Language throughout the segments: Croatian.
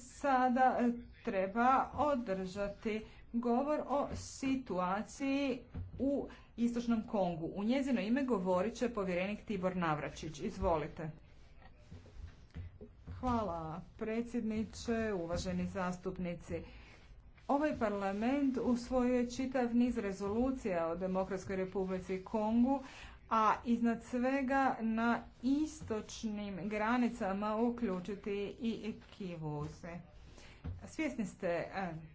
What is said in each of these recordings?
sada e, treba održati govor o situaciji u Istočnom Kongu. U njezino ime govorit će povjerenik Tibor Navračić. Izvolite. Hvala predsjedniče, uvaženi zastupnici. Ovaj parlament usvojio je čitav niz rezolucija o Demokratskoj republici Kongu, a iznad svega na istočnim granicama uključiti i kivuze. Svjesni ste e,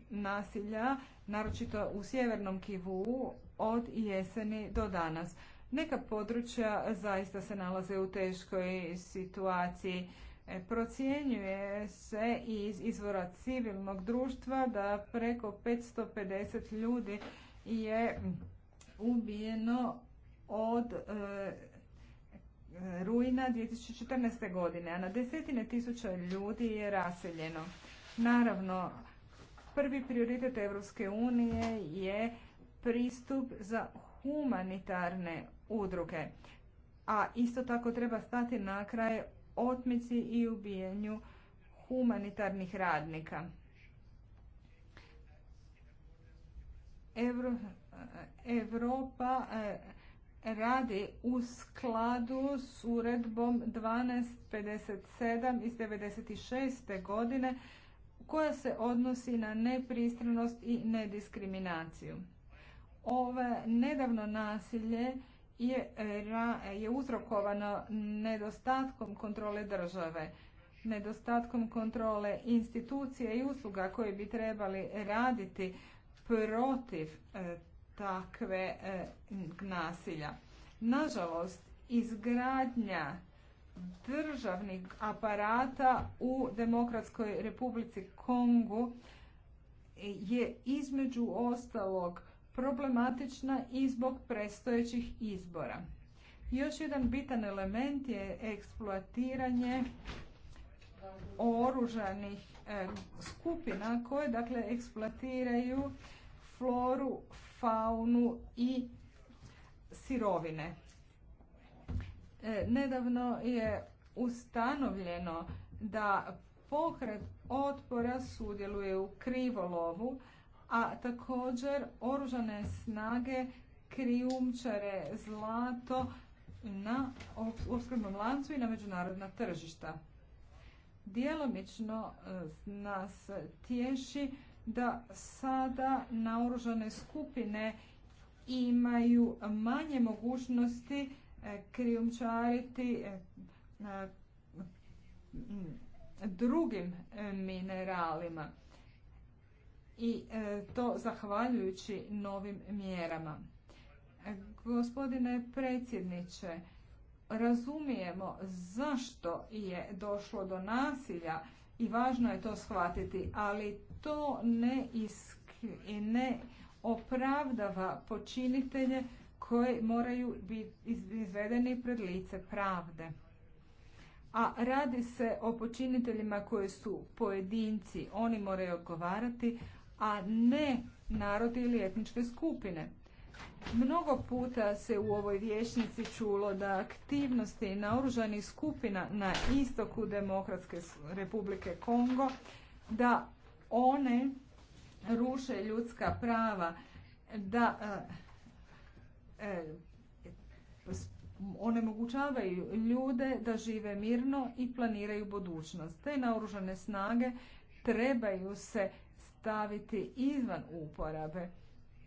nasilja, naročito u sjevernom kivu, od jeseni do danas. Neka područja zaista se nalaze u teškoj situaciji. E, procjenjuje se iz izvora civilnog društva da preko 550 ljudi je ubijeno od e, rujna 2014. godine, a na desetine tisuća ljudi je raseljeno. Naravno, prvi prioritet Europske unije je pristup za humanitarne udruge, a isto tako treba stati na kraj otmici i ubijenju humanitarnih radnika. E, Evropa Europa radi u skladu s uredbom 1257 iz 96. godine koja se odnosi na nepristranost i nediskriminaciju. Ove nedavno nasilje je, uzrokovano nedostatkom kontrole države, nedostatkom kontrole institucije i usluga koje bi trebali raditi protiv e, takve e, nasilja. Nažalost, izgradnja državnih aparata u Demokratskoj republici Kongu je između ostalog problematična i zbog prestojećih izbora. Još jedan bitan element je eksploatiranje oružanih e, skupina koje dakle eksploatiraju floru, faunu i sirovine. E, nedavno je ustanovljeno da pokret otpora sudjeluje u krivolovu, a također oružane snage krijumčare zlato na opskrbnom lancu i na međunarodna tržišta. Djelomično e, nas tješi da sada naoružane skupine imaju manje mogućnosti e, krijumčariti e, e, drugim mineralima i to zahvaljujući novim mjerama. Gospodine predsjedniče, razumijemo zašto je došlo do nasilja i važno je to shvatiti, ali to ne, i ne opravdava počinitelje koji moraju biti izvedeni pred lice pravde. A radi se o počiniteljima koji su pojedinci, oni moraju odgovarati, a ne narodi ili etničke skupine. Mnogo puta se u ovoj vječnici čulo da aktivnosti naoružanih skupina na istoku Demokratske republike Kongo, da one ruše ljudska prava, da one e, onemogućavaju ljude da žive mirno i planiraju budućnost. Te naoružane snage trebaju se staviti izvan uporabe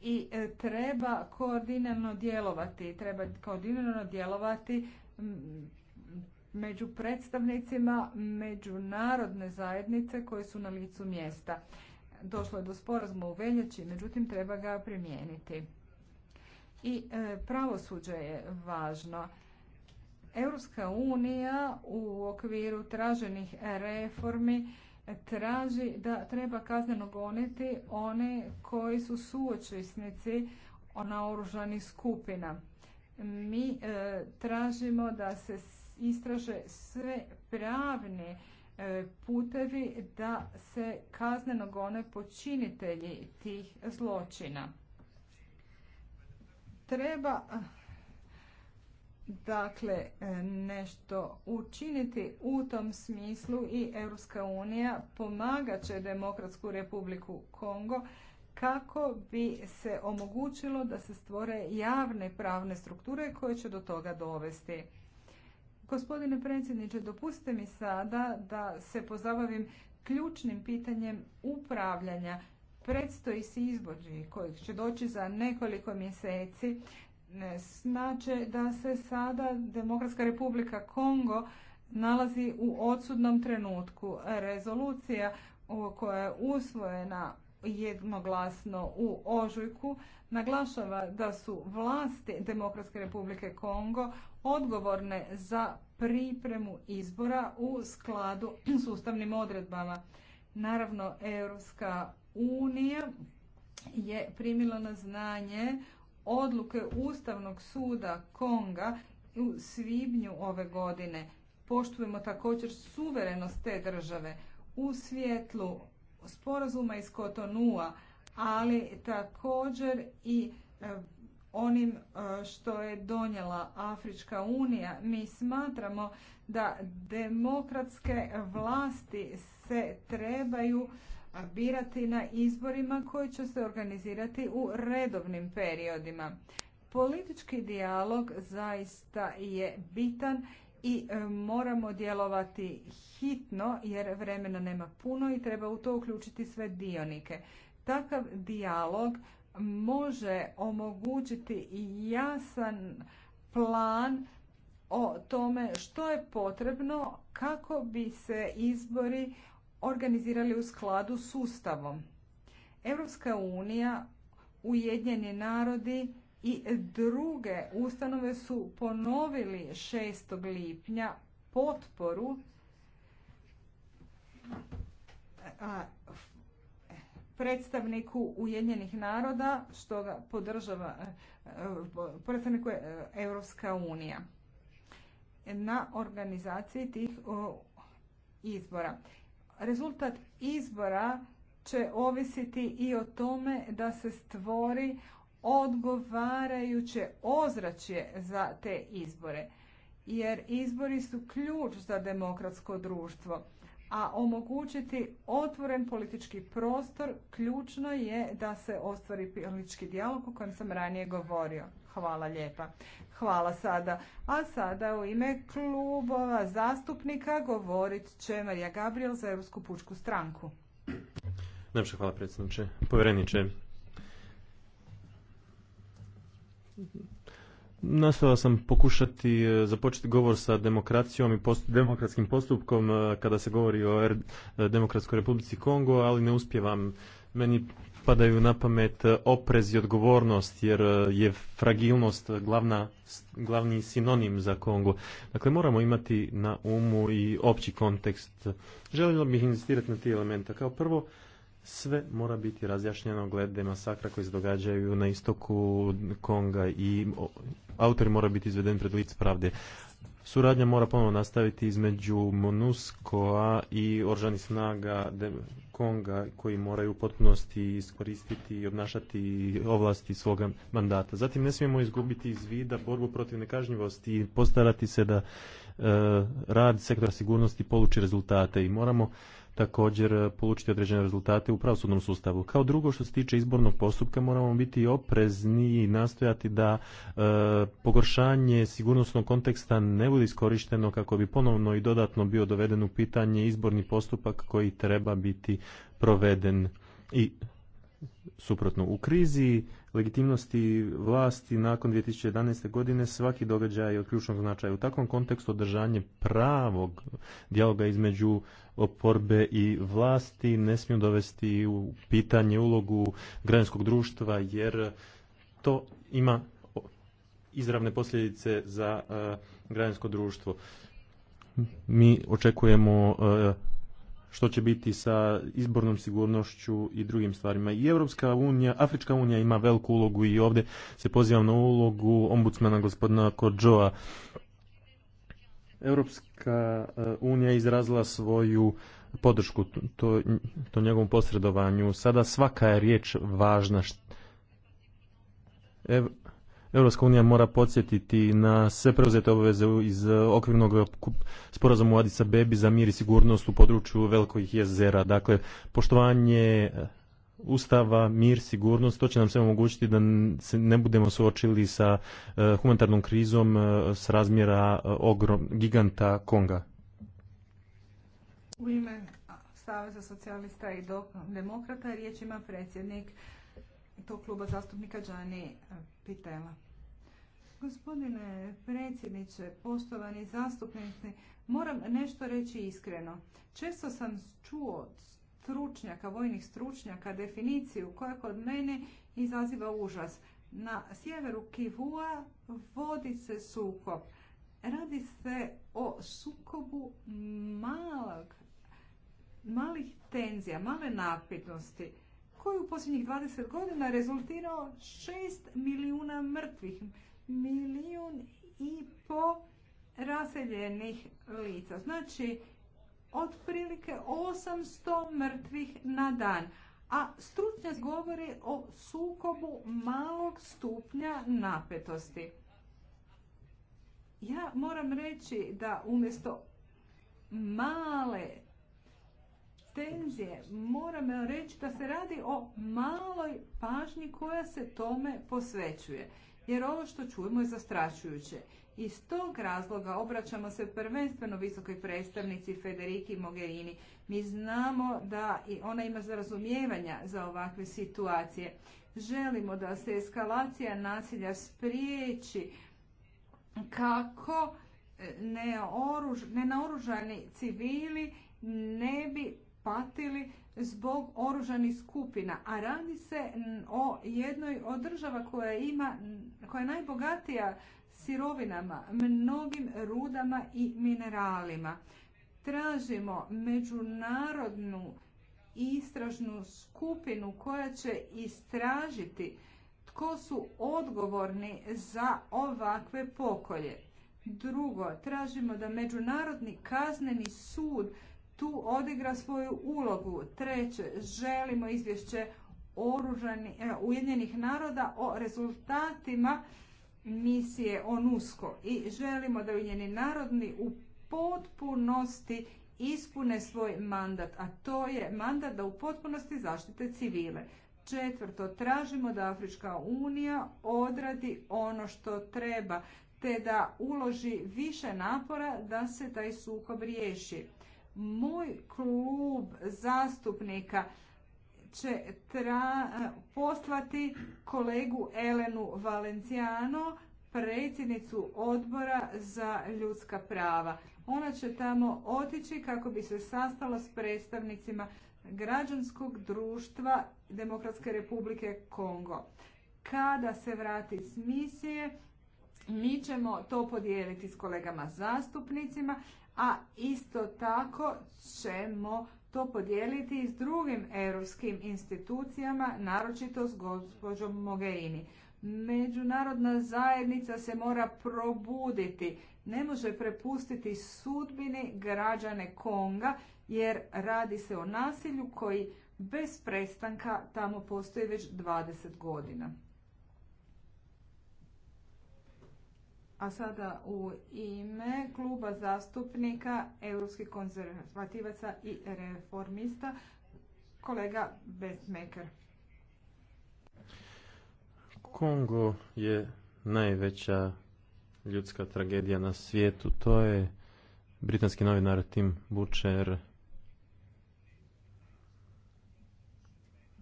i e, treba koordinirano djelovati, treba koordinirano djelovati među predstavnicima međunarodne zajednice koje su na licu mjesta. Došlo je do sporazuma u veljači, međutim treba ga primijeniti. I e, pravosuđe je važno. Europska unija u okviru traženih reformi traži da treba kazneno goniti one koji su ona naoružanih skupina. Mi e, tražimo da se istraže sve pravne e, putevi da se kazneno gone počinitelji tih zločina. Treba dakle e, nešto učiniti u tom smislu i Europska unija pomagat će Demokratsku republiku Kongo kako bi se omogućilo da se stvore javne pravne strukture koje će do toga dovesti. Gospodine predsjedniče, dopustite mi sada da se pozabavim ključnim pitanjem upravljanja. Predstoji si izbori kojih će doći za nekoliko mjeseci znači da se sada Demokratska republika Kongo nalazi u odsudnom trenutku. Rezolucija koja je usvojena jednoglasno u ožujku naglašava da su vlasti Demokratske republike Kongo odgovorne za pripremu izbora u skladu s ustavnim odredbama. Naravno, Europska unija je primila na znanje odluke Ustavnog suda Konga u svibnju ove godine. Poštujemo također suverenost te države u svjetlu sporazuma iz Kotonua, ali također i e, onim e, što je donijela Afrička unija. Mi smatramo da demokratske vlasti se trebaju birati na izborima koji će se organizirati u redovnim periodima. Politički dijalog zaista je bitan i e, moramo djelovati hitno jer vremena nema puno i treba u to uključiti sve dionike. Takav dijalog može omogućiti jasan plan o tome što je potrebno kako bi se izbori organizirali u skladu s Ustavom. Europska unija, Ujedinjeni narodi i druge ustanove su ponovili 6. lipnja potporu predstavniku Ujedinjenih naroda što ga podržava e, predstavniku Europska unija na organizaciji tih izbora. Rezultat izbora će ovisiti i o tome da se stvori odgovarajuće ozračje za te izbore jer izbori su ključ za demokratsko društvo a omogućiti otvoren politički prostor ključno je da se ostvari politički dijalog o kojem sam ranije govorio. Hvala lijepa. Hvala sada. A sada u ime klubova zastupnika govorit će Marija Gabriel za Europsku pučku stranku. hvala predsjedniče. Povjereniče. Nastojao sam pokušati e, započeti govor sa demokracijom i demokratskim postupkom e, kada se govori o e, Demokratskoj republici Kongo, ali ne uspijevam Meni padaju na pamet oprez i odgovornost, jer je fragilnost glavna, glavni sinonim za Kongo. Dakle, moramo imati na umu i opći kontekst. Želio bih inzistirati na ti elementa. Kao prvo, sve mora biti razjašnjeno glede masakra koji se događaju na istoku Konga i autori mora biti izveden pred lice pravde. Suradnja mora ponovno nastaviti između Monuskoa i oržani snaga Konga koji moraju u potpunosti iskoristiti i obnašati ovlasti svoga mandata. Zatim ne smijemo izgubiti iz vida borbu protiv nekažnjivosti i postarati se da e, rad sektora sigurnosti poluči rezultate i moramo također e, polučiti određene rezultate u pravosudnom sustavu. Kao drugo što se tiče izbornog postupka moramo biti oprezni i nastojati da e, pogoršanje sigurnosnog konteksta ne bude iskorišteno kako bi ponovno i dodatno bio doveden u pitanje izborni postupak koji treba biti proveden i suprotno. U krizi legitimnosti vlasti nakon 2011. godine svaki događaj je od ključnog značaja. U takvom kontekstu održanje pravog dijaloga između oporbe i vlasti ne smiju dovesti u pitanje ulogu građanskog društva jer to ima izravne posljedice za eh, građansko društvo. Mi očekujemo eh, što će biti sa izbornom sigurnošću i drugim stvarima. I Europska unija, Afrička unija ima veliku ulogu i ovdje se pozivam na ulogu ombudsmana gospodina Kodžoa. Europska eh, unija izrazila svoju podršku to, to njegovom posredovanju. Sada svaka je riječ važna. Ev, Europska unija mora podsjetiti na sve preuzete obaveze iz e, okvirnog sporazuma u Bebi za mir i sigurnost u području velikih jezera. Dakle, poštovanje e, ustava, mir, sigurnost, to će nam sve omogućiti da se ne budemo suočili sa e, humanitarnom krizom s razmjera ogrom, giganta Konga. U ime Saveza socijalista i demokrata riječ ima predsjednik to kluba zastupnika Đani e, Pitela. Gospodine predsjedniče, poštovani zastupnici, moram nešto reći iskreno. Često sam čuo od stručnjaka, vojnih stručnjaka, definiciju koja kod mene izaziva užas. Na sjeveru Kivua vodi se sukob. Radi se o sukobu malog, malih tenzija, male napetnosti koji u posljednjih 20 godina rezultirao 6 milijuna mrtvih, milijun i po raseljenih lica. Znači, otprilike 800 mrtvih na dan. A stručnjac govori o sukobu malog stupnja napetosti. Ja moram reći da umjesto male tenzije. Moram reći da se radi o maloj pažnji koja se tome posvećuje. Jer ovo što čujemo je zastrašujuće. Iz tog razloga obraćamo se prvenstveno visokoj predstavnici Federiki Mogherini. Mi znamo da i ona ima razumijevanja za ovakve situacije. Želimo da se eskalacija nasilja spriječi kako e, ne naoružani civili ne bi patili zbog oružanih skupina, a radi se o jednoj od država koja ima, koja je najbogatija sirovinama, mnogim rudama i mineralima. Tražimo međunarodnu istražnu skupinu koja će istražiti tko su odgovorni za ovakve pokolje. Drugo, tražimo da Međunarodni kazneni sud tu odigra svoju ulogu. Treće, želimo izvješće e, Ujedinjenih naroda o rezultatima misije ONUSCO i želimo da Ujedinjeni narodni u potpunosti ispune svoj mandat, a to je mandat da u potpunosti zaštite civile. Četvrto, tražimo da Afrička unija odradi ono što treba, te da uloži više napora da se taj sukob riješi. Moj klub zastupnika će tra, poslati kolegu Elenu Valenciano, predsjednicu odbora za ljudska prava. Ona će tamo otići kako bi se sastala s predstavnicima građanskog društva Demokratske republike Kongo. Kada se vrati s misije, mi ćemo to podijeliti s kolegama zastupnicima a isto tako ćemo to podijeliti i s drugim europskim institucijama, naročito s gospođom Mogherini. Međunarodna zajednica se mora probuditi, ne može prepustiti sudbini građane Konga, jer radi se o nasilju koji bez prestanka tamo postoji već 20 godina. A sada u ime kluba zastupnika Europskih konzervativaca i reformista, kolega Besmeker. Kongo je najveća ljudska tragedija na svijetu. To je britanski novinar Tim Butcher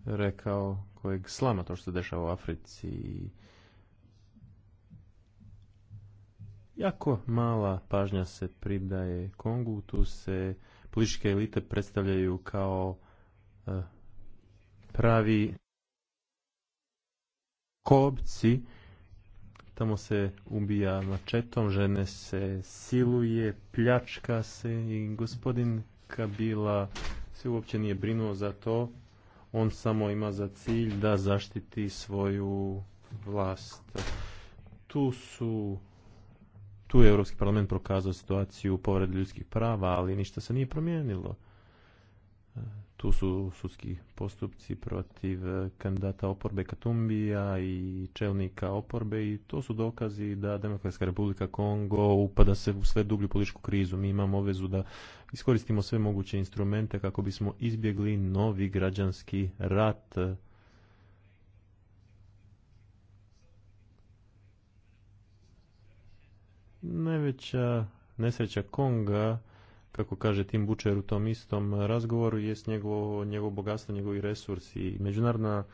rekao kojeg slama to što se dešava u Africi i Jako mala pažnja se pridaje Kongu, tu se političke elite predstavljaju kao e, pravi kopci, tamo se ubija mačetom, žene se siluje, pljačka se i gospodin Kabila se uopće nije brinuo za to. On samo ima za cilj da zaštiti svoju vlast. Tu su tu je Europski parlament prokazao situaciju povrede ljudskih prava, ali ništa se nije promijenilo. E, tu su sudski postupci protiv e, kandidata oporbe Katumbija i čelnika oporbe i to su dokazi da Demokratska republika Kongo upada se u sve dublju političku krizu. Mi imamo obvezu da iskoristimo sve moguće instrumente kako bismo izbjegli novi građanski rat Najveća nesreća Konga, kako kaže Tim Bučer u tom istom razgovoru, je njegovo, njegovo bogatstvo, njegovi resursi. Međunarodna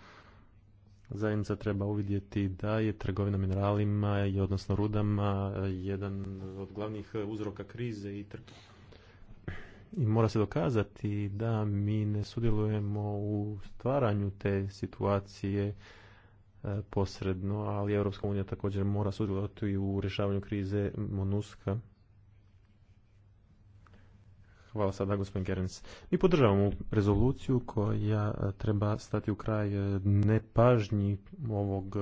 zajednica treba uvidjeti da je trgovina mineralima i odnosno rudama jedan od glavnih uzroka krize i trg i mora se dokazati da mi ne sudjelujemo u stvaranju te situacije E, posredno, ali Europska unija također mora sudjelovati i u rješavanju krize Monuska. Hvala sada, gospodin Gerens. Mi podržavamo rezoluciju koja e, treba stati u kraj e, nepažnji ovog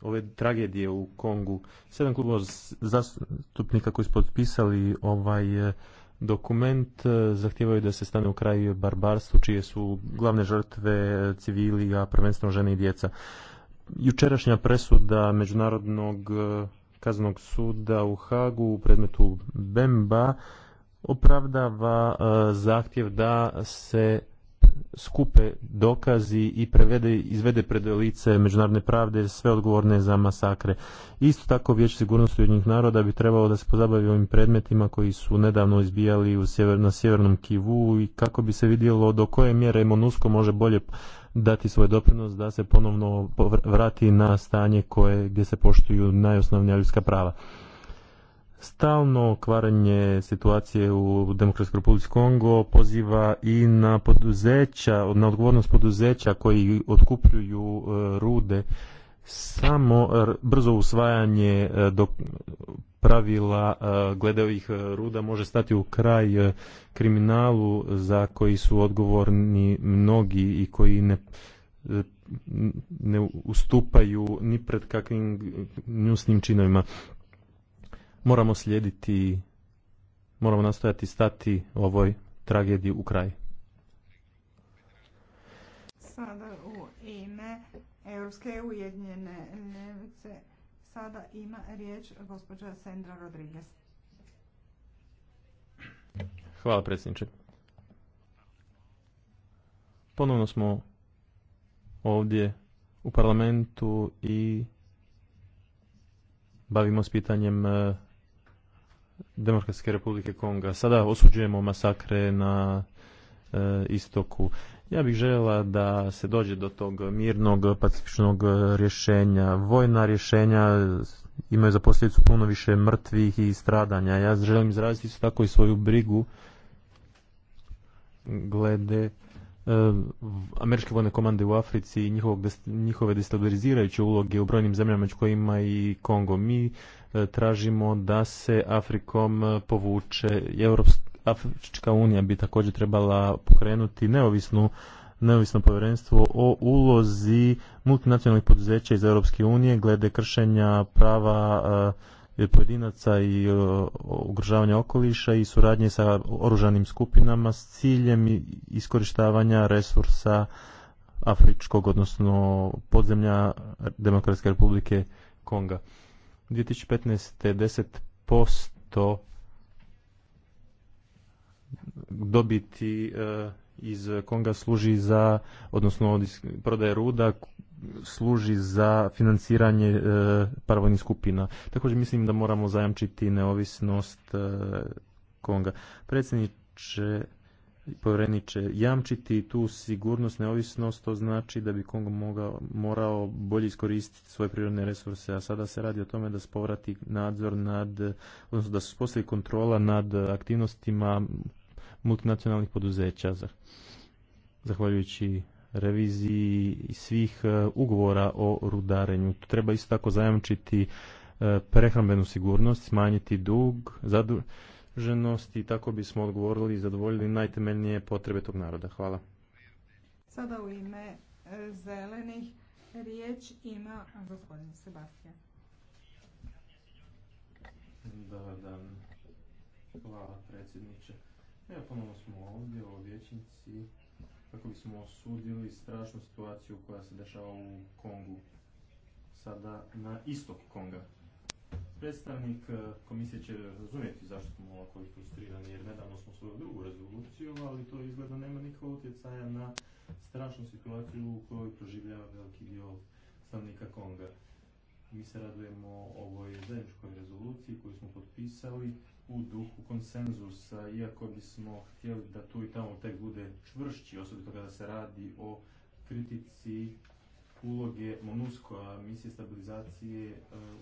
ove tragedije u Kongu. Sedam klubova zastupnika koji su potpisali ovaj dokument e, zahtijevaju da se stane u kraju barbarstvu čije su glavne žrtve civili, a prvenstveno žene i djeca. Jučerašnja presuda Međunarodnog e, kaznog suda u Hagu u predmetu Bemba opravdava e, zahtjev da se skupe dokazi i prevede, izvede pred lice međunarodne pravde sve odgovorne za masakre. Isto tako vječ sigurnosti jednih naroda bi trebalo da se pozabavi ovim predmetima koji su nedavno izbijali u sjever, na sjevernom Kivu i kako bi se vidjelo do koje mjere Monusko može bolje dati svoj doprinos da se ponovno vrati na stanje koje, gdje se poštuju najosnovnija ljudska prava stalno kvaranje situacije u Demokratskoj Republici Kongo poziva i na poduzeća, na odgovornost poduzeća koji otkupljuju e, rude samo brzo usvajanje e, dok pravila e, glede ovih ruda može stati u kraj kriminalu za koji su odgovorni mnogi i koji ne ne ustupaju ni pred kakvim njusnim činovima. Moramo slijediti, moramo nastojati stati ovoj tragediji u kraj. Sada u ime Europske ujedinjene ljevice sada ima riječ gospođa Sandra Rodriguez. Hvala predsjedniče. Ponovno smo ovdje u parlamentu i bavimo s pitanjem eh, Demokratske republike Konga. Sada osuđujemo masakre na e, istoku. Ja bih željela da se dođe do tog mirnog, pacifičnog e, rješenja. Vojna rješenja imaju za posljedicu puno više mrtvih i stradanja. Ja želim izraziti tako i svoju brigu glede američke vojne komande u Africi i njihove destabilizirajuće uloge u brojnim zemljama među kojima i Kongo. Mi e, tražimo da se Afrikom e, povuče Europska Afrička unija bi također trebala pokrenuti neovisnu neovisno povjerenstvo o ulozi multinacionalnih poduzeća iz Europske unije glede kršenja prava e, E, pojedinaca i e, ugrožavanja okoliša i suradnje sa oružanim skupinama s ciljem iskorištavanja resursa afričkog, odnosno podzemlja Demokratske republike Konga. 2015. 10% dobiti e, iz Konga služi za, odnosno prodaje ruda služi za financiranje e, paravojnih skupina. Također mislim da moramo zajamčiti neovisnost e, Konga. Predsjedniče povredniče, jamčiti tu sigurnost, neovisnost, to znači da bi Kongo mogao, morao bolje iskoristiti svoje prirodne resurse, a sada se radi o tome da se povrati nadzor nad, odnosno da se postavi kontrola nad aktivnostima multinacionalnih poduzeća, zahvaljujući reviziji svih e, ugovora o rudarenju. treba isto tako zajamčiti e, prehrambenu sigurnost, smanjiti dug, zaduženost i tako bismo odgovorili i zadovoljili najtemeljnije potrebe tog naroda. Hvala. Sada u ime e, zelenih riječ ima gospodin Dobar dan. Hvala predsjedniče. Ja ponovno smo ovdje u vječnici kako bismo osudili strašnu situaciju koja se dešava u Kongu, sada na istok Konga. Predstavnik e, komisije će razumjeti zašto smo ovako frustrirani, jer nedavno smo svoju drugu rezoluciju, ali to izgleda nema nikakvog utjecaja na strašnu situaciju u kojoj proživljava veliki dio stanovnika Konga. Mi se radujemo ovoj zajedničkoj rezoluciji koju smo potpisali u duhu konsenzusa, iako bismo htjeli da tu i tamo tek bude čvršći, osobito kada se radi o kritici uloge MONUSCO-a, misije stabilizacije e,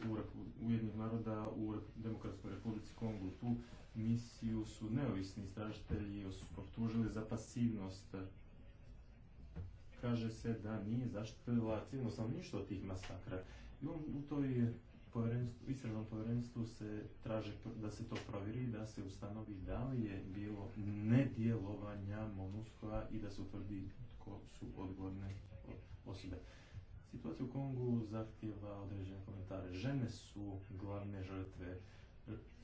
u Ujednih naroda u Demokratskoj republici Kongu. Tu misiju su neovisni istražitelji optužili za pasivnost. Kaže se da nije zaštitila civilno ništa od tih masakra. u toj povjerenstvu, istražnom povjerenstvu se traže da se to provjeri da se ustanovi da li je bilo nedjelovanja djelovanja i da se utvrdi ko su odgovorne osobe. Situacija u Kongu zahtjeva određene komentare. Žene su glavne žrtve.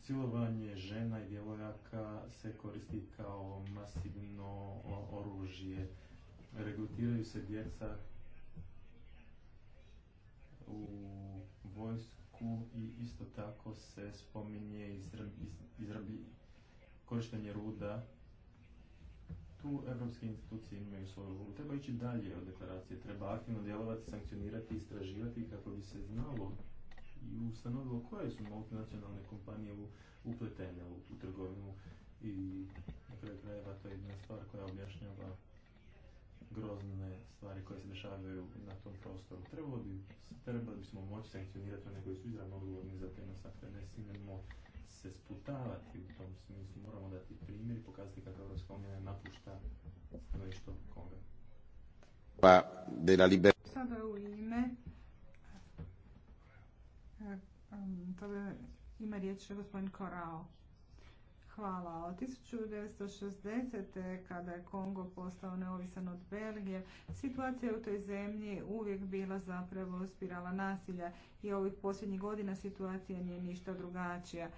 Silovanje žena i djevojaka se koristi kao masivno oružje. Regrutiraju se djeca u vojsku i isto tako se spominje izrabi, korištenje ruda. Tu evropske institucije imaju svoju ulogu. Treba ići dalje od deklaracije. Treba aktivno djelovati, sankcionirati, istraživati kako bi se znalo i ustanovilo koje su multinacionalne kompanije upletene u, trgovinu i na krajeva to je jedna stvar koja objašnjava grozne stvari koje se dešavaju na tom prostoru. Trebali, trebali bismo moći sankcionirati one koji su izravno odgovorni za te masakre. Ne smijemo se sputavati u tom smislu. Moramo dati primjer i pokazati kako Europska unija napušta nešto koga. Pa, de la liber... Sada u ime e, e, ima riječ gospodin Korao. Hvala. Od 1960. Eh, kada je Kongo postao neovisan od Belgije, situacija u toj zemlji uvijek bila zapravo spirala nasilja i ovih posljednjih godina situacija nije ništa drugačija.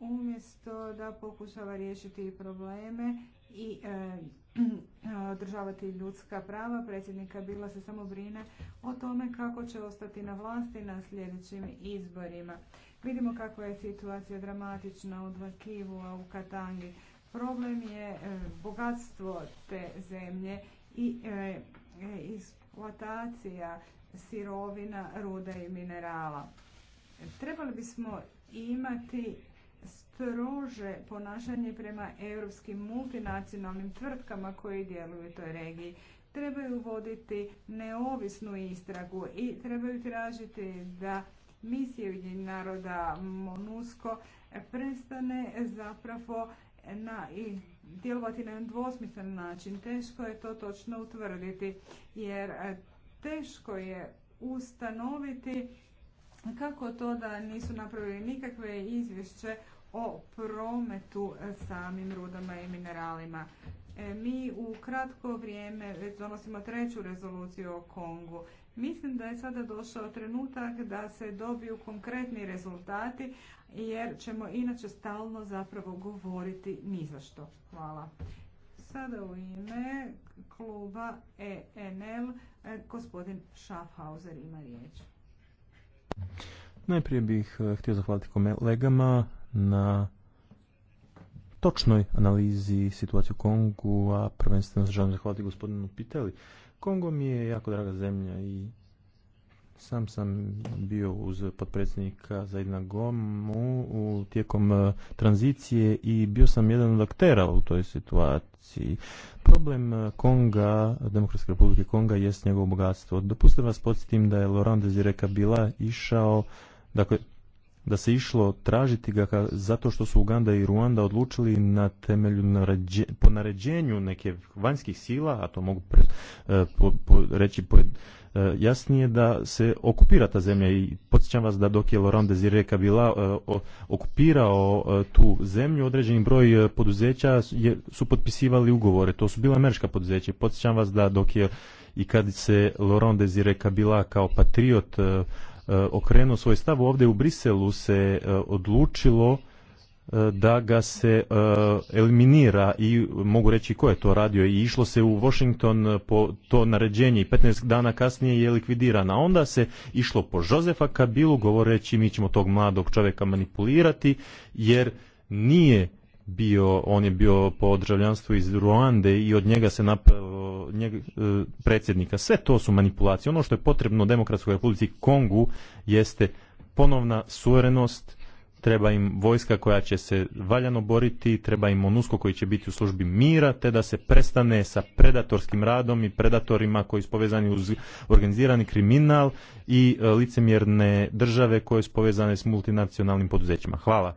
Umjesto da pokušava riješiti probleme i eh, održavati ljudska prava, predsjednika Bila se samo brine o tome kako će ostati na vlasti na sljedećim izborima. Vidimo kako je situacija dramatična u Dvakivu, a u Katangi. Problem je e, bogatstvo te zemlje i e, e, eksploatacija sirovina, ruda i minerala. Trebali bismo imati strože ponašanje prema europskim multinacionalnim tvrtkama koji djeluju u toj regiji. Trebaju voditi neovisnu istragu i trebaju tražiti da misije naroda Monusko prestane zapravo na i djelovati na dvosmislen način. Teško je to točno utvrditi jer e, teško je ustanoviti kako to da nisu napravili nikakve izvješće o prometu e, samim rudama i mineralima. E, mi u kratko vrijeme donosimo treću rezoluciju o Kongu. Mislim da je sada došao trenutak da se dobiju konkretni rezultati jer ćemo inače stalno zapravo govoriti ni za što. Hvala. Sada u ime kluba ENL e, gospodin Schaffhauser ima riječ. Najprije bih e, htio zahvaliti kolegama na točnoj analizi situacije Kongu, a prvenstveno želim zahvaliti gospodinu Piteli. Kongo mi je jako draga zemlja i sam sam bio uz potpredsjednika jedna Gomu u tijekom e, tranzicije i bio sam jedan od aktera u toj situaciji. Problem e, Konga, Demokratske republike Konga, jest njegovo bogatstvo. Dopustite vas podsjetim da je Laurent Zireka bila, išao, dakle, da se išlo tražiti ga zato što su Uganda i Ruanda odlučili na temelju naređe, po naređenju neke vanjskih sila, a to mogu pre, e, po, po, reći po, e, jasnije da se okupira ta zemlja i podsjećam vas da dok je Laurent Desiré Kabila e, okupirao tu zemlju, određeni broj poduzeća su potpisivali ugovore, to su bila američka poduzeća podsjećam vas da dok je i kad se Laurent Desiré bila kao patriot E, okrenuo svoj stav. Ovdje u Briselu se e, odlučilo e, da ga se eliminira i mogu reći ko je to radio i išlo se u Washington po to naređenje i 15 dana kasnije je likvidirana. Onda se išlo po Josefa Kabilu govoreći mi ćemo tog mladog čovjeka manipulirati jer nije bio, on je bio po državljanstvu iz Ruande i od njega se napravo e, predsjednika. Sve to su manipulacije. Ono što je potrebno Demokratskoj republici Kongu jeste ponovna suverenost, treba im vojska koja će se valjano boriti, treba im onusko koji će biti u službi mira, te da se prestane sa predatorskim radom i predatorima koji su povezani uz organizirani kriminal i e, licemjerne države koje su povezane s multinacionalnim poduzećima. Hvala.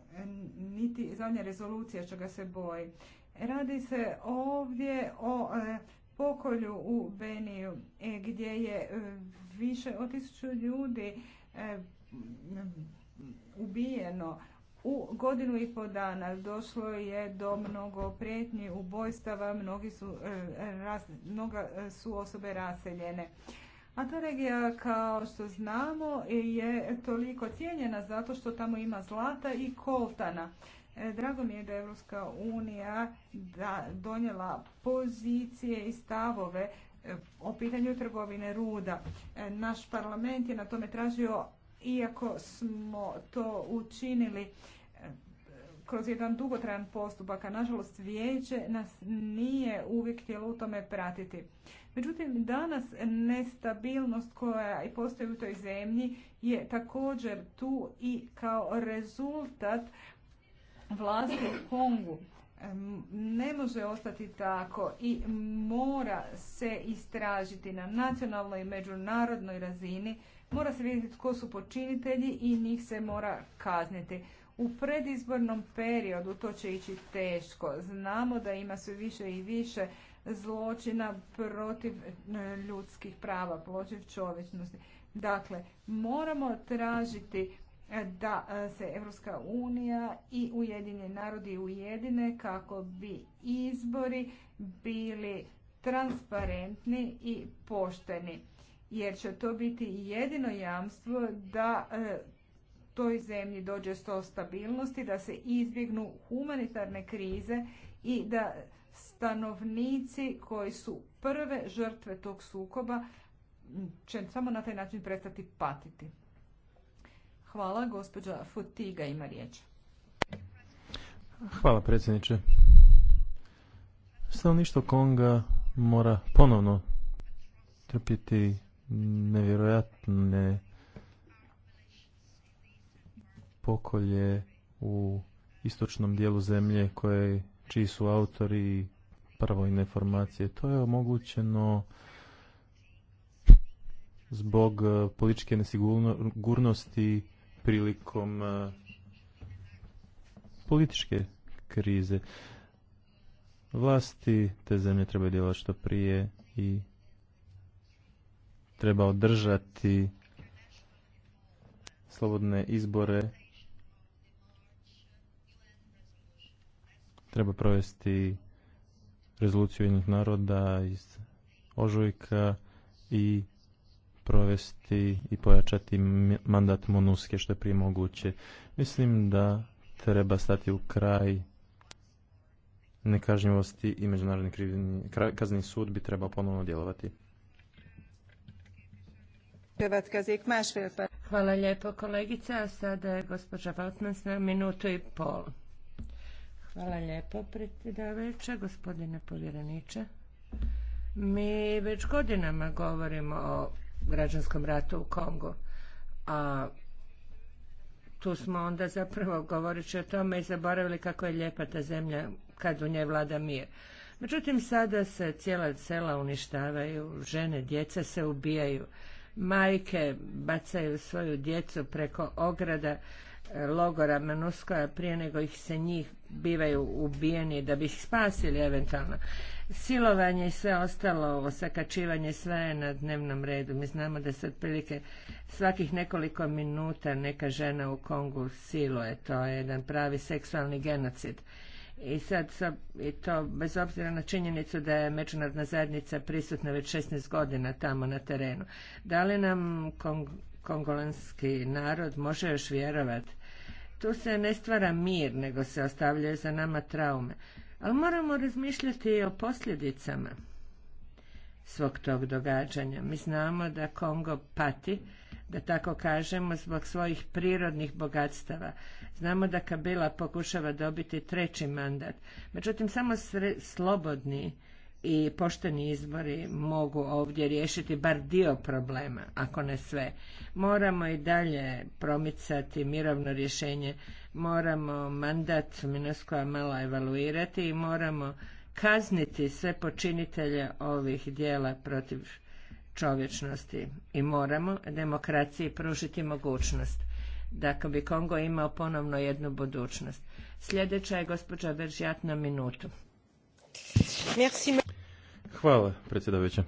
niti zadnja rezolucija čega se boji. Radi se ovdje o e, pokolju u Beniju e, gdje je e, više od tisuću ljudi ubijeno. U godinu i po dana došlo je do mnogo prijetnji ubojstava, mnogi su, mnoga su osobe raseljene. A ta regija, kao što znamo, je toliko cijenjena zato što tamo ima zlata i koltana. E, drago mi je da je Evropska unija donijela pozicije i stavove e, o pitanju trgovine ruda. E, naš parlament je na tome tražio, iako smo to učinili kroz jedan dugotrajan postupak, a nažalost vijeće nas nije uvijek htjelo u tome pratiti. Međutim, danas nestabilnost koja i postoji u toj zemlji je također tu i kao rezultat vlasti u Kongu. Ne može ostati tako i mora se istražiti na nacionalnoj i međunarodnoj razini. Mora se vidjeti tko su počinitelji i njih se mora kazniti. U predizbornom periodu to će ići teško. Znamo da ima sve više i više zločina protiv e, ljudskih prava, protiv čovječnosti. Dakle, moramo tražiti e, da e, se Evropska unija i Ujedinje narodi ujedine kako bi izbori bili transparentni i pošteni. Jer će to biti jedino jamstvo da toj zemlji dođe sto stabilnosti, da se izbjegnu humanitarne krize i da stanovnici koji su prve žrtve tog sukoba će samo na taj način prestati patiti. Hvala, gospođa Futiga ima riječ. Hvala predsjedniče. Stanovništvo Konga mora ponovno trpiti nevjerojatne pokolje u istočnom dijelu zemlje koje, čiji su autori prvojne informacije. To je omogućeno zbog e, političke nesigurnosti prilikom e, političke krize. Vlasti te zemlje treba djelovati što prije i treba održati slobodne izbore. Treba provesti rezoluciju jednih naroda iz ožujka i provesti i pojačati mandat Monuske što je prije moguće. Mislim da treba stati u kraj nekažnjivosti i Međunarodni krivni, kazni sud bi trebao ponovno djelovati. Hvala lijepo kolegica, sada je gospođa na minutu i pol. Hvala lijepo, predsjedavajuća, gospodine povjereniče. Mi već godinama govorimo o građanskom ratu u Kongu, a tu smo onda zapravo govoreći o tome i zaboravili kako je lijepa ta zemlja kad u nje vlada mir. Međutim, sada se cijela sela uništavaju, žene, djeca se ubijaju, majke bacaju svoju djecu preko ograda, logora Manuskoja prije nego ih se njih bivaju ubijeni da bi ih spasili eventualno. Silovanje i sve ostalo, osakačivanje, sve je na dnevnom redu. Mi znamo da se otprilike svakih nekoliko minuta neka žena u Kongu siluje. To je jedan pravi seksualni genocid. I sad, i to bez obzira na činjenicu da je međunarodna zajednica prisutna već 16 godina tamo na terenu. Da li nam kong kongolanski narod može još vjerovati tu se ne stvara mir, nego se ostavljaju za nama traume. Ali moramo razmišljati i o posljedicama svog tog događanja. Mi znamo da Kongo pati, da tako kažemo, zbog svojih prirodnih bogatstava. Znamo da Kabila pokušava dobiti treći mandat. Međutim, samo slobodni i pošteni izbori mogu ovdje riješiti bar dio problema, ako ne sve. Moramo i dalje promicati mirovno rješenje, moramo mandat Minoskova malo evaluirati i moramo kazniti sve počinitelje ovih dijela protiv čovječnosti i moramo demokraciji pružiti mogućnost da bi Kongo imao ponovno jednu budućnost. Sljedeća je gospođa Veržjat na minutu. Merci, Hvala, predsjedavajuća.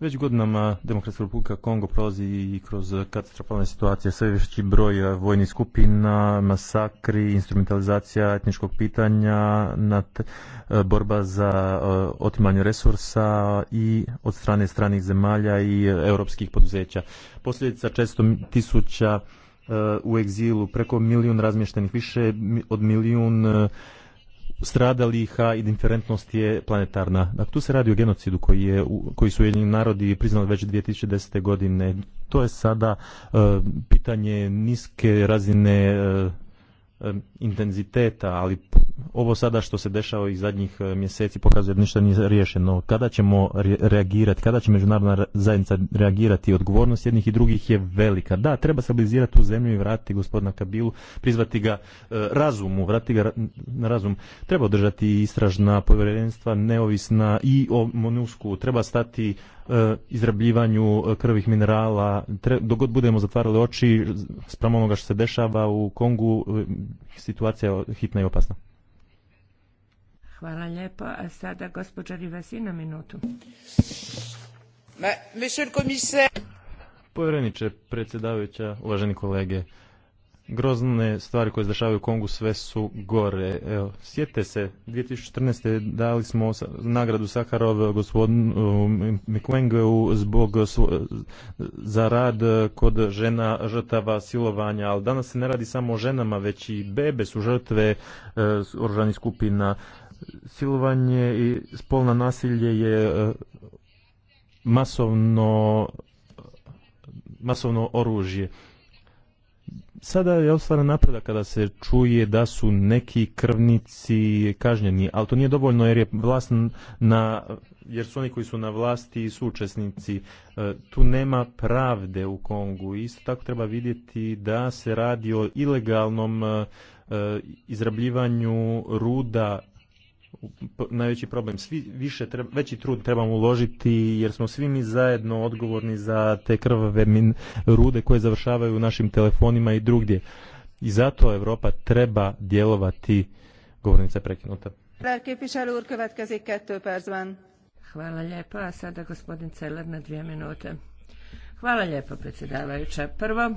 Već godinama Demokratska republika Kongo prolazi i kroz katastrofalne situacije, sve veći broj vojnih skupina, masakri, instrumentalizacija etničkog pitanja, nad, e, borba za e, otimanje resursa i od strane stranih zemalja i europskih poduzeća. Posljedica često tisuća e, u egzilu, preko milijun razmještenih, više od milijun stradalih, i indiferentnost je planetarna. Dakle, tu se radi o genocidu koji, je, koji su jedini narodi priznali već 2010. godine. To je sada e, pitanje niske razine e, e, intenziteta, ali ovo sada što se dešava iz zadnjih e, mjeseci pokazuje da ništa nije riješeno. Kada ćemo reagirati, kada će međunarodna zajednica reagirati, odgovornost jednih i drugih je velika. Da, treba stabilizirati tu zemlju i vratiti gospodina Kabilu, prizvati ga e, razumu, vratiti ga na razum. Treba održati istražna povjerenstva, neovisna i o monusku. Treba stati e, izrabljivanju krvih minerala. Dok god budemo zatvarali oči spram onoga što se dešava u Kongu, situacija je hitna i opasna. Hvala lijepo. A sada gospođa minutu. Povjereniče, predsjedavajuća, uvaženi kolege, grozne stvari koje se Kongu sve su gore. Evo, sjete se, 2014. dali smo nagradu Sakharov gospodinu Mikwengu um, zbog za rad kod žena žrtava silovanja, ali danas se ne radi samo o ženama, već i bebe su žrtve e, oružanih skupina silovanje i spolna nasilje je e, masovno, masovno oružje. Sada je ostvaran napredak kada se čuje da su neki krvnici kažnjeni, ali to nije dovoljno jer je vlast na, jer su oni koji su na vlasti sučesnici. E, tu nema pravde u Kongu. Isto tako treba vidjeti da se radi o ilegalnom e, izrabljivanju ruda najveći problem. Svi više treba, veći trud trebamo uložiti jer smo svi mi zajedno odgovorni za te krvave min, rude koje završavaju u našim telefonima i drugdje. I zato Europa treba djelovati. Govornica je prekinuta. Hvala lijepo, a sada gospodin Celer na dvije minute. Hvala lijepo, predsjedavajuća. Prvo,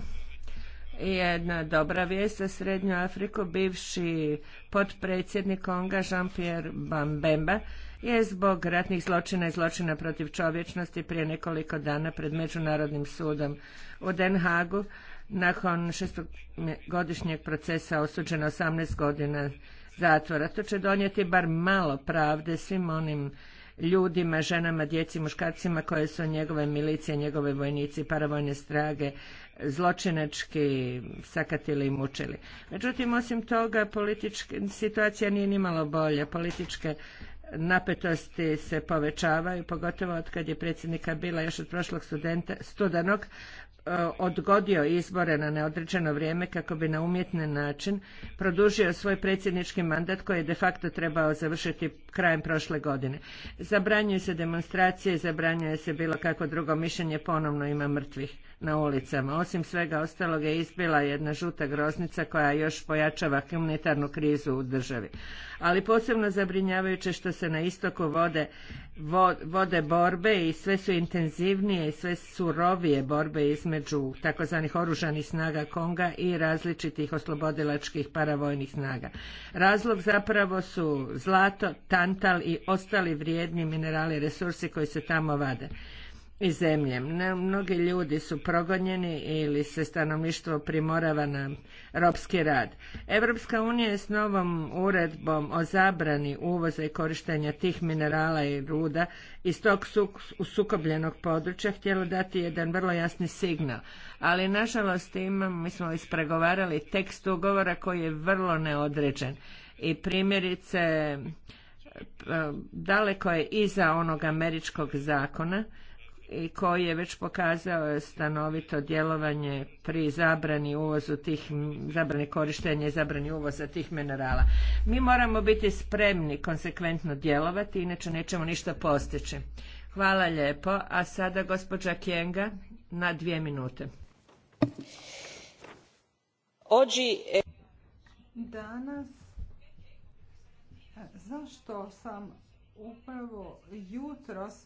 jedna dobra vijest za Srednju Afriku. Bivši potpredsjednik Konga Jean-Pierre Bambemba je zbog ratnih zločina i zločina protiv čovječnosti prije nekoliko dana pred Međunarodnim sudom u Den Hagu nakon šestogodišnjeg procesa osuđeno 18 godina zatvora. To će donijeti bar malo pravde svim onim ljudima, ženama, djeci, muškarcima koje su njegove milicije, njegove vojnici, paravojne strage, zločinački sakatili i mučili. Međutim, osim toga, politička situacija nije malo bolja. Političke napetosti se povećavaju, pogotovo od kad je predsjednika bila još od prošlog studenta, studenog odgodio izbore na neodređeno vrijeme kako bi na umjetni način produžio svoj predsjednički mandat koji je de facto trebao završiti krajem prošle godine. Zabranjuje se demonstracije, zabranjuje se bilo kako drugo mišljenje, ponovno ima mrtvih na ulicama. Osim svega ostalog je izbila jedna žuta groznica koja još pojačava humanitarnu krizu u državi. Ali posebno zabrinjavajuće što se na istoku vode, vode borbe i sve su intenzivnije i sve surovije borbe između takozvanih oružanih snaga Konga i različitih oslobodilačkih paravojnih snaga. Razlog zapravo su zlato, tantal i ostali vrijedni minerali resursi koji se tamo vade i zemlje. Mnogi ljudi su progonjeni ili se stanovništvo primorava na ropski rad. Evropska unija je s novom uredbom o zabrani uvoza i korištenja tih minerala i ruda iz tog sukobljenog područja htjela dati jedan vrlo jasni signal. Ali nažalost imam, mi smo ispregovarali tekst ugovora koji je vrlo neodređen. I primjerice daleko je iza onog američkog zakona i koji je već pokazao stanovito djelovanje pri zabrani uvozu tih, zabrani korištenja i zabrani uvoza tih minerala. Mi moramo biti spremni konsekventno djelovati, inače nećemo ništa postići. Hvala lijepo. A sada gospođa Kenga na dvije minute. E, Danas zašto sam upravo jutros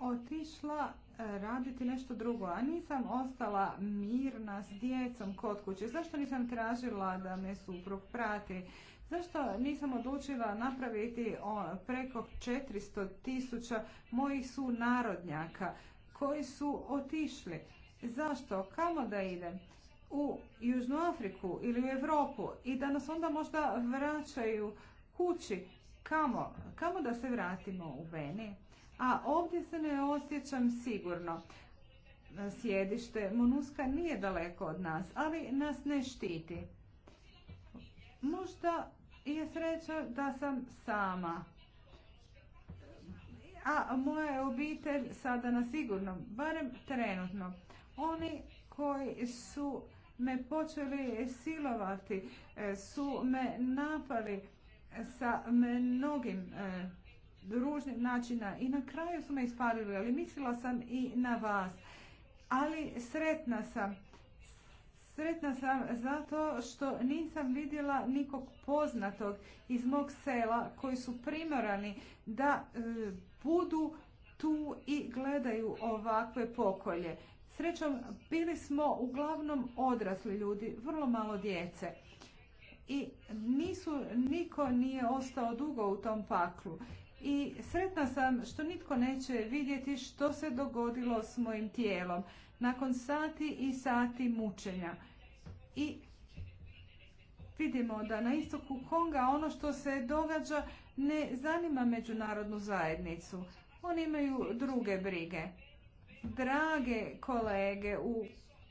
otišla e, raditi nešto drugo, a nisam ostala mirna s djecom kod kuće. Zašto nisam tražila da me suprug prati? Zašto nisam odlučila napraviti preko 400 tisuća mojih sunarodnjaka koji su otišli? Zašto? Kamo da idem? U Južnu Afriku ili u Europu i da nas onda možda vraćaju kući. Kamo? Kamo da se vratimo u Beni? a ovdje se ne osjećam sigurno. Sjedište Monuska nije daleko od nas, ali nas ne štiti. Možda je sreća da sam sama. A moja obitelj sada na sigurnom, barem trenutno. Oni koji su me počeli silovati, e, su me napali sa mnogim e, ružnih načina i na kraju su me isparili, ali mislila sam i na vas. Ali sretna sam. Sretna sam zato što nisam vidjela nikog poznatog iz mog sela koji su primorani da e, budu tu i gledaju ovakve pokolje. Srećom, bili smo uglavnom odrasli ljudi, vrlo malo djece. I nisu, niko nije ostao dugo u tom paklu i sretna sam što nitko neće vidjeti što se dogodilo s mojim tijelom nakon sati i sati mučenja. I vidimo da na istoku Konga ono što se događa ne zanima međunarodnu zajednicu. Oni imaju druge brige. Drage kolege, u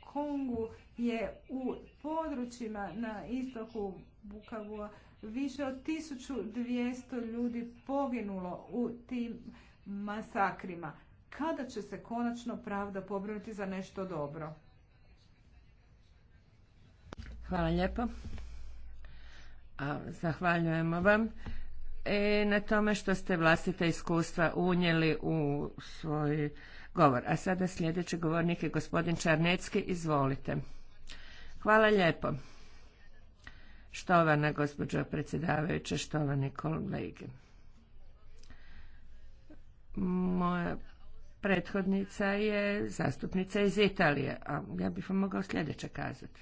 Kongu je u područjima na istoku Bukavua više od 1200 ljudi poginulo u tim masakrima. Kada će se konačno pravda pobrinuti za nešto dobro? Hvala lijepo. A, zahvaljujemo vam e, na tome što ste vlastite iskustva unijeli u svoj govor. A sada sljedeći govornik je gospodin Čarnecki. Izvolite. Hvala lijepo. Štovana gospođo predsjedavajuća, štovani kolege. Moja prethodnica je zastupnica iz Italije, a ja bih vam mogao sljedeće kazati.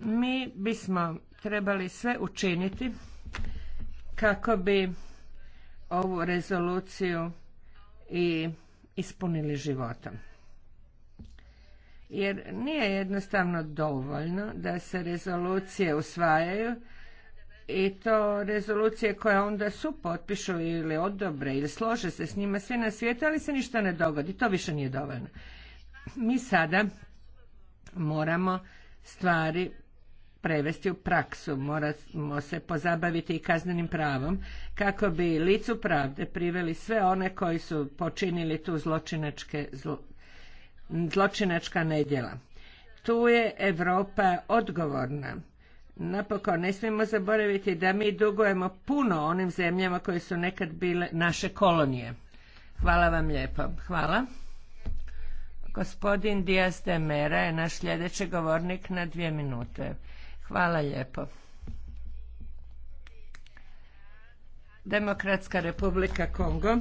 Mi bismo trebali sve učiniti kako bi ovu rezoluciju i ispunili životom jer nije jednostavno dovoljno da se rezolucije usvajaju i to rezolucije koje onda su potpišu ili odobre ili slože se s njima svi na svijetu, ali se ništa ne dogodi. To više nije dovoljno. Mi sada moramo stvari prevesti u praksu. Moramo se pozabaviti i kaznenim pravom kako bi licu pravde priveli sve one koji su počinili tu zločinačke zlo zločinačka nedjela. Tu je Europa odgovorna. Napokon ne smijemo zaboraviti da mi dugujemo puno onim zemljama koje su nekad bile naše kolonije. Hvala vam lijepo. Hvala. Gospodin Dias de Mera je naš sljedeći govornik na dvije minute. Hvala lijepo. Demokratska republika Kongo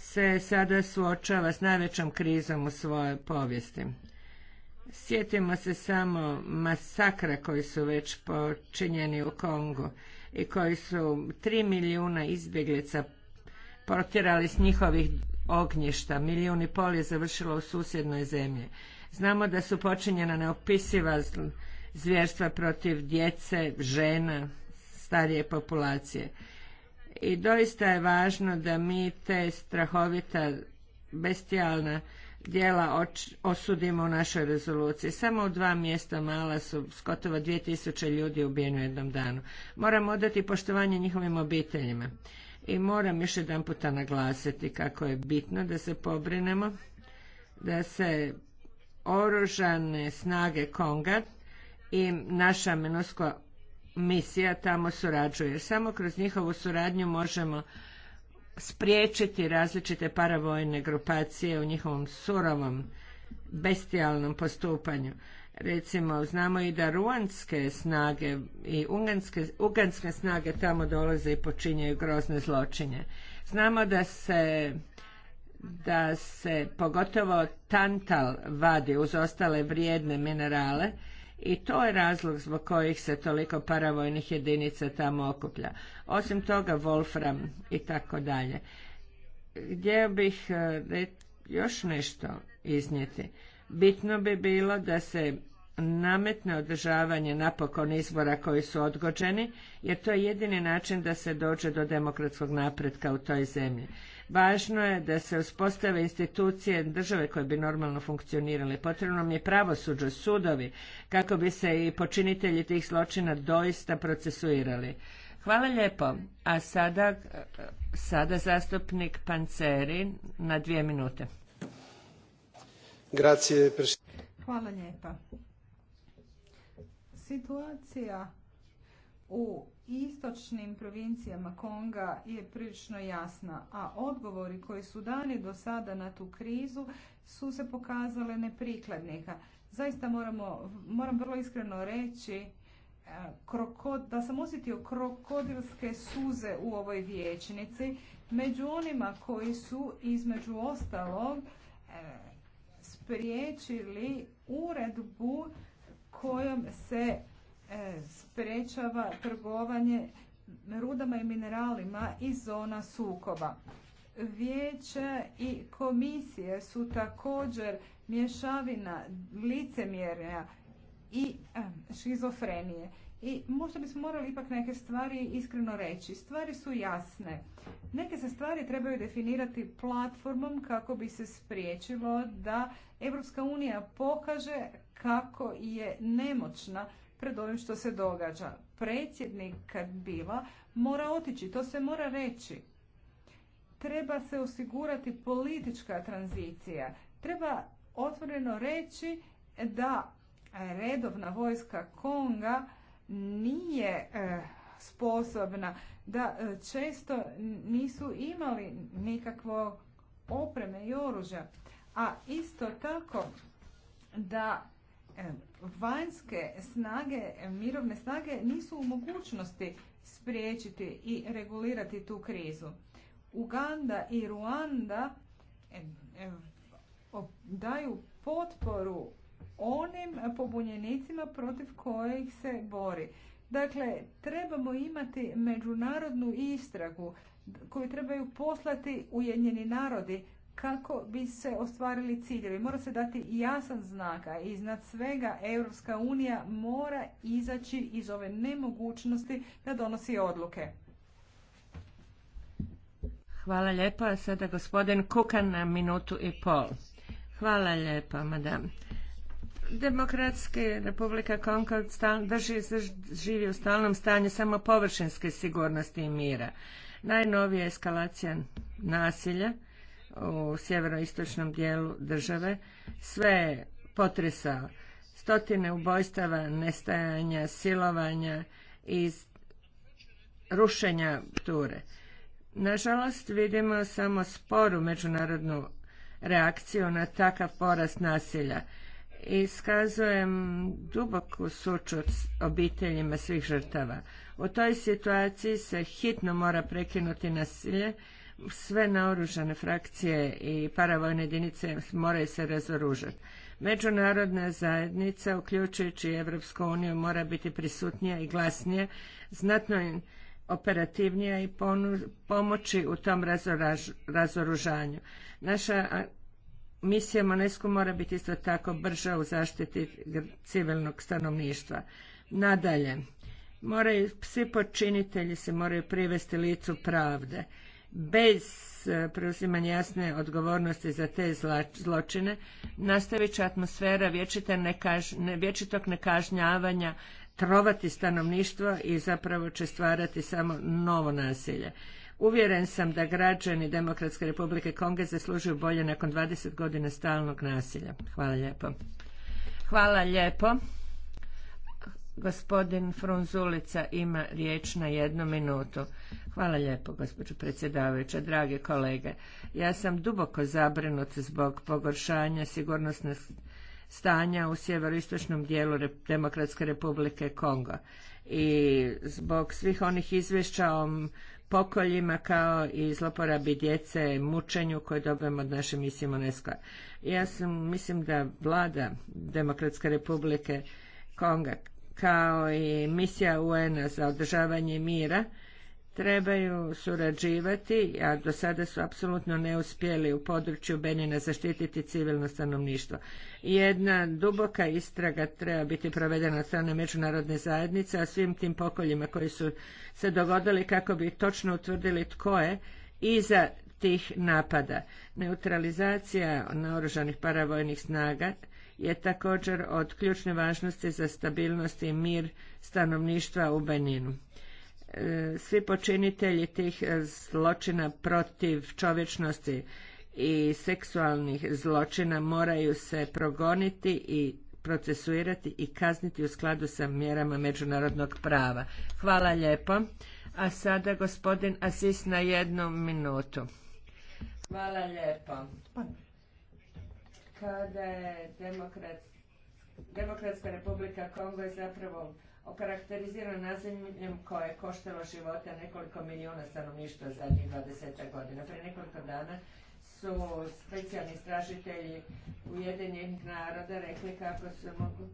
se sada suočava s najvećom krizom u svojoj povijesti. Sjetimo se samo masakra koji su već počinjeni u Kongu i koji su tri milijuna izbjeglica potjerali s njihovih ognjišta, milijun i pol je završilo u susjednoj zemlji. Znamo da su počinjena neopisiva zvjerstva protiv djece, žena, starije populacije. I doista je važno da mi te strahovita bestijalna djela osudimo u našoj rezoluciji. Samo u dva mjesta mala su gotovo 2000 ljudi ubijeni u jednom danu. Moram odati poštovanje njihovim obiteljima. I moram još jedan puta naglasiti kako je bitno da se pobrinemo da se oružane snage Konga i naša menoska misija tamo surađuje. Samo kroz njihovu suradnju možemo spriječiti različite paravojne grupacije u njihovom surovom, bestijalnom postupanju. Recimo, znamo i da ruanske snage i uganske snage tamo dolaze i počinjaju grozne zločinje. Znamo da se da se pogotovo tantal vadi uz ostale vrijedne minerale i to je razlog zbog kojih se toliko paravojnih jedinica tamo okuplja. Osim toga Wolfram i tako dalje. Gdje bih e, još nešto iznijeti? Bitno bi bilo da se nametne održavanje napokon izbora koji su odgođeni, jer to je jedini način da se dođe do demokratskog napretka u toj zemlji. Važno je da se uspostave institucije države koje bi normalno funkcionirale. Potrebno mi je pravosuđe, sudovi, kako bi se i počinitelji tih zločina doista procesuirali. Hvala lijepo. A sada, sada zastupnik Panceri na dvije minute. Grazie. Hvala lijepa. Situacija u istočnim provincijama Konga je prilično jasna, a odgovori koji su dani do sada na tu krizu su se pokazale neprikladnika. Zaista moramo, moram vrlo iskreno reći e, da sam osjetio krokodilske suze u ovoj vijećnici među onima koji su između ostalog e, spriječili uredbu kojom se E, sprečava trgovanje rudama i mineralima i zona sukoba. Vijeće i komisije su također mješavina licemjerja i e, šizofrenije. I možda bismo morali ipak neke stvari iskreno reći. Stvari su jasne. Neke se stvari trebaju definirati platformom kako bi se spriječilo da Europska unija pokaže kako je nemoćna pred ovim što se događa. Predsjednik kad bila mora otići, to se mora reći. Treba se osigurati politička tranzicija. Treba otvoreno reći da redovna vojska Konga nije e, sposobna, da e, često nisu imali nikakvo opreme i oružja. A isto tako da vanjske snage, mirovne snage nisu u mogućnosti spriječiti i regulirati tu krizu. Uganda i Ruanda daju potporu onim pobunjenicima protiv kojih se bori. Dakle, trebamo imati međunarodnu istragu koju trebaju poslati Ujedinjeni narodi kako bi se ostvarili ciljevi. Mora se dati jasan znak, a iznad svega Europska unija mora izaći iz ove nemogućnosti da donosi odluke. Hvala lijepa sada gospodin Kukan na minutu i pol. Hvala lijepa madam. Demokratska Republika Konka živi u stalnom stanju samo površinske sigurnosti i mira. Najnovija eskalacija nasilja u sjeveroistočnom dijelu države. Sve je potresao. Stotine ubojstava, nestajanja, silovanja i rušenja ture. Nažalost, vidimo samo sporu međunarodnu reakciju na takav porast nasilja. Iskazujem duboku sućut obiteljima svih žrtava. U toj situaciji se hitno mora prekinuti nasilje sve naoružane frakcije i paravojne jedinice moraju se razoružati. Međunarodna zajednica, uključujući Evropsku uniju, mora biti prisutnija i glasnija, znatno operativnija i pomoći u tom razoružanju. Naša misija Monesku mora biti isto tako brža u zaštiti civilnog stanovništva. Nadalje, moraju, svi počinitelji se moraju privesti licu pravde bez e, preuzimanja jasne odgovornosti za te zločine nastavit će atmosfera vječitog nekažnjavanja trovati stanovništvo i zapravo će stvarati samo novo nasilje. Uvjeren sam da građani Demokratske republike Konge zaslužuju bolje nakon 20 godina stalnog nasilja. Hvala lijepo. Hvala lijepo. Gospodin Frunzulica ima riječ na jednu minutu. Hvala lijepo, gospođo predsjedavajuća, drage kolege. Ja sam duboko zabrinut zbog pogoršanja sigurnosne stanja u sjeveroistočnom dijelu Demokratske republike Kongo i zbog svih onih izvješća o pokoljima kao i zloporabi djece, mučenju koje dobijemo od naše misije UNESCO. Ja sam, mislim da vlada Demokratske republike Konga kao i misija UN-a za održavanje mira trebaju surađivati, a do sada su apsolutno neuspjeli u području Benina zaštititi civilno stanovništvo. Jedna duboka istraga treba biti provedena od strane međunarodne zajednice, a svim tim pokoljima koji su se dogodili kako bi točno utvrdili tko je iza tih napada. Neutralizacija naoružanih paravojnih snaga je također od ključne važnosti za stabilnost i mir stanovništva u Beninu. E, svi počinitelji tih zločina protiv čovječnosti i seksualnih zločina moraju se progoniti i procesuirati i kazniti u skladu sa mjerama međunarodnog prava. Hvala lijepo. A sada gospodin Asis na jednu minutu. Hvala lijepo. Pa, kada je Demokratska republika Kongo je zapravo okarakterizirana nazemljem koje je koštalo života nekoliko milijuna stanovništva zadnjih 20 godina. Prije nekoliko dana su specijalni stražitelji Ujedinjenih naroda rekli kako se mogu...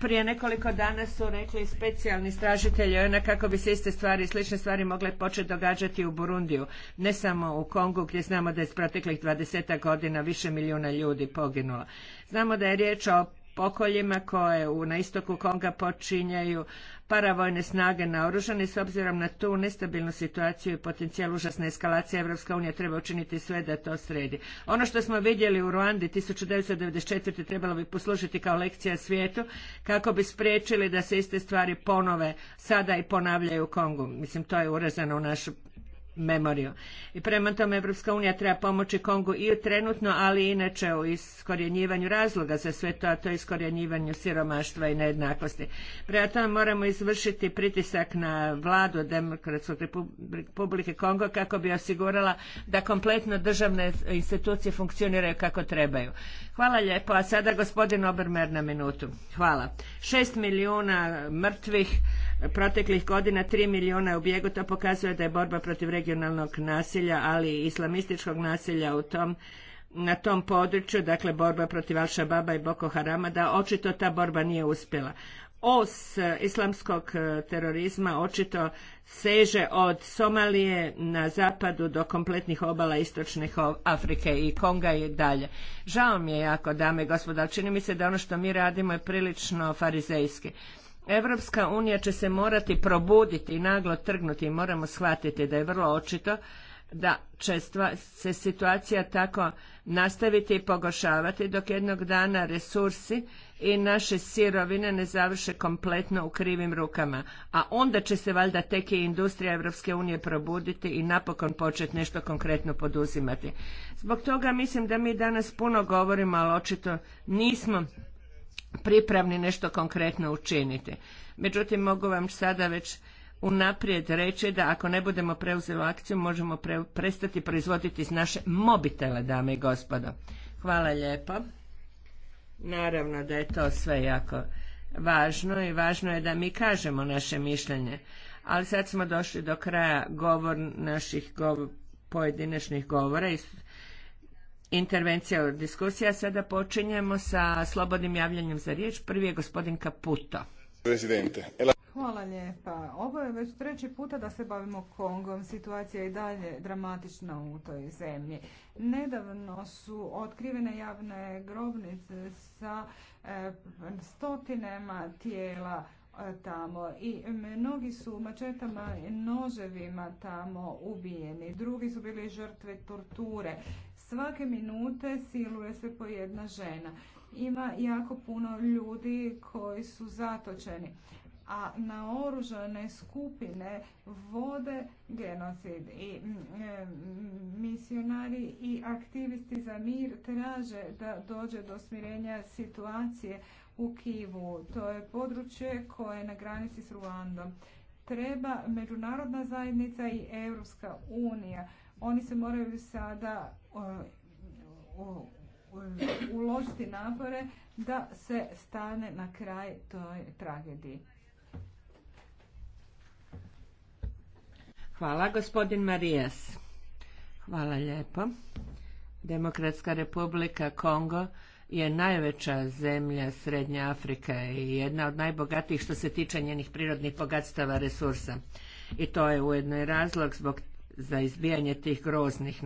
Prije nekoliko dana su rekli specijalni stražitelji ona kako bi se iste stvari i slične stvari mogle početi događati u Burundiju. Ne samo u Kongu gdje znamo da je s proteklih 20 godina više milijuna ljudi poginulo. Znamo da je riječ o pokoljima koje u, na istoku Konga počinjaju paravojne snage naoružane s obzirom na tu nestabilnu situaciju i potencijal užasne eskalacije Evropska unija treba učiniti sve da to sredi. Ono što smo vidjeli u Ruandi 1994. trebalo bi poslužiti kao lekcija svijetu kako bi spriječili da se iste stvari ponove sada i ponavljaju u Kongu. Mislim, to je urezano u našu memoriju. I prema tome Evropska unija treba pomoći Kongu i trenutno, ali i inače u iskorjenjivanju razloga za sve to, a to je iskorjenjivanju siromaštva i nejednakosti. Prema tome moramo izvršiti pritisak na vladu Demokratske republike Kongo kako bi osigurala da kompletno državne institucije funkcioniraju kako trebaju. Hvala lijepo, a sada gospodin Obermer na minutu. Hvala. Šest milijuna mrtvih, proteklih godina 3 milijuna je u bjegu, to pokazuje da je borba protiv regionalnog nasilja, ali i islamističkog nasilja u tom na tom području, dakle borba protiv al Baba i Boko Harama, da očito ta borba nije uspjela. Os e, islamskog e, terorizma očito seže od Somalije na zapadu do kompletnih obala istočne Afrike i Konga i dalje. Žao mi je jako, dame i gospodo, čini mi se da ono što mi radimo je prilično farizejski. Evropska unija će se morati probuditi i naglo trgnuti i moramo shvatiti da je vrlo očito da će se situacija tako nastaviti i pogošavati dok jednog dana resursi i naše sirovine ne završe kompletno u krivim rukama. A onda će se valjda tek i industrija Evropske unije probuditi i napokon početi nešto konkretno poduzimati. Zbog toga mislim da mi danas puno govorimo, ali očito nismo pripravni nešto konkretno učiniti. Međutim, mogu vam sada već unaprijed reći da ako ne budemo preuzeli akciju možemo prestati proizvoditi iz naše mobitele, dame i gospodo. Hvala lijepo. Naravno da je to sve jako važno i važno je da mi kažemo naše mišljenje. Ali sad smo došli do kraja govor naših pojedinačnih govora i intervencija u diskusija. Sada počinjemo sa slobodnim javljanjem za riječ. Prvi je gospodin Kaputo. E Hvala lijepa. Ovo je već treći puta da se bavimo Kongom. Situacija je i dalje dramatična u toj zemlji. Nedavno su otkrivene javne grobnice sa e, stotinama tijela e, tamo i mnogi su mačetama i noževima tamo ubijeni. Drugi su bili žrtve torture svake minute siluje se po jedna žena. Ima jako puno ljudi koji su zatočeni, a naoružane skupine vode genocid i mm, mm, misionari i aktivisti za mir traže da dođe do smirenja situacije u Kivu. To je područje koje je na granici s Ruandom. Treba međunarodna zajednica i Europska unija. Oni se moraju sada uložiti napore da se stane na kraj toj tragediji. Hvala, gospodin Marijas. Hvala lijepo. Demokratska republika Kongo je najveća zemlja Srednje Afrike i jedna od najbogatijih što se tiče njenih prirodnih bogatstava resursa. I to je ujedno i razlog zbog za izbijanje tih groznih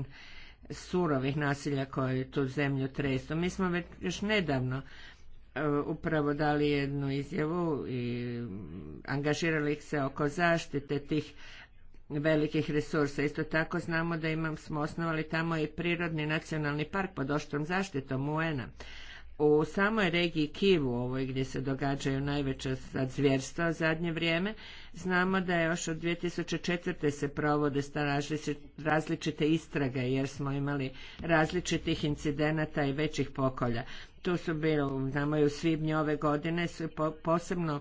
surovih nasilja koje tu zemlju tresu. Mi smo već još nedavno e, upravo dali jednu izjavu i angažirali ih se oko zaštite tih velikih resursa. Isto tako znamo da imam, smo osnovali tamo i Prirodni nacionalni park pod oštrom zaštitom UN-a u samoj regiji Kivu, ovoj gdje se događaju najveća sad zvjerstva zadnje vrijeme, znamo da je još od 2004. se provode različite istrage jer smo imali različitih incidenata i većih pokolja. Tu su bilo, znamo i u svibnju ove godine su posebno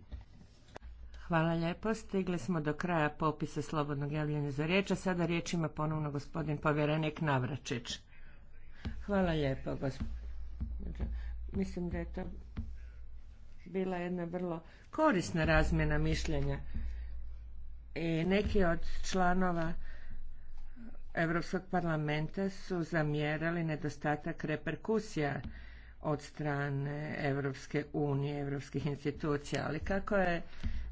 Hvala lijepo. Stigli smo do kraja popisa slobodnog javljanja za riječ, a sada riječ ima ponovno gospodin povjerenik Navračić. Hvala lijepo, Mislim da je to bila jedna vrlo korisna razmjena mišljenja. I neki od članova Europskog parlamenta su zamjerali nedostatak reperkusija od strane Europske unije, europskih institucija, ali kako je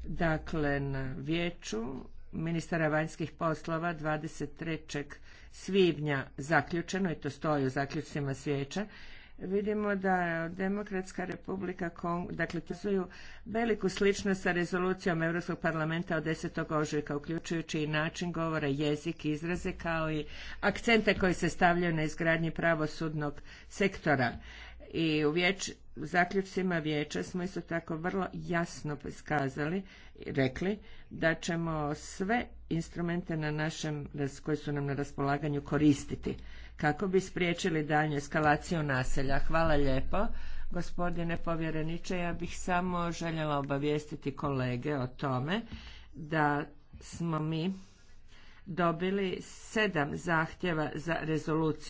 dakle na vijeću ministara vanjskih poslova 23. svibnja zaključeno i to stoji u zaključcima svijeća vidimo da Demokratska republika Kong, dakle to su veliku sličnost sa rezolucijom Europskog parlamenta od 10. ožujka, uključujući i način govora, jezik, izraze kao i akcente koji se stavljaju na izgradnji pravosudnog sektora i u vječ, zaključcima vijeća smo isto tako vrlo jasno iskazali rekli da ćemo sve instrumente na našem, koji su nam na raspolaganju koristiti kako bi spriječili daljnju eskalaciju naselja. Hvala lijepo. Gospodine povjereniče, ja bih samo željela obavijestiti kolege o tome da smo mi dobili sedam zahtjeva za rezoluciju.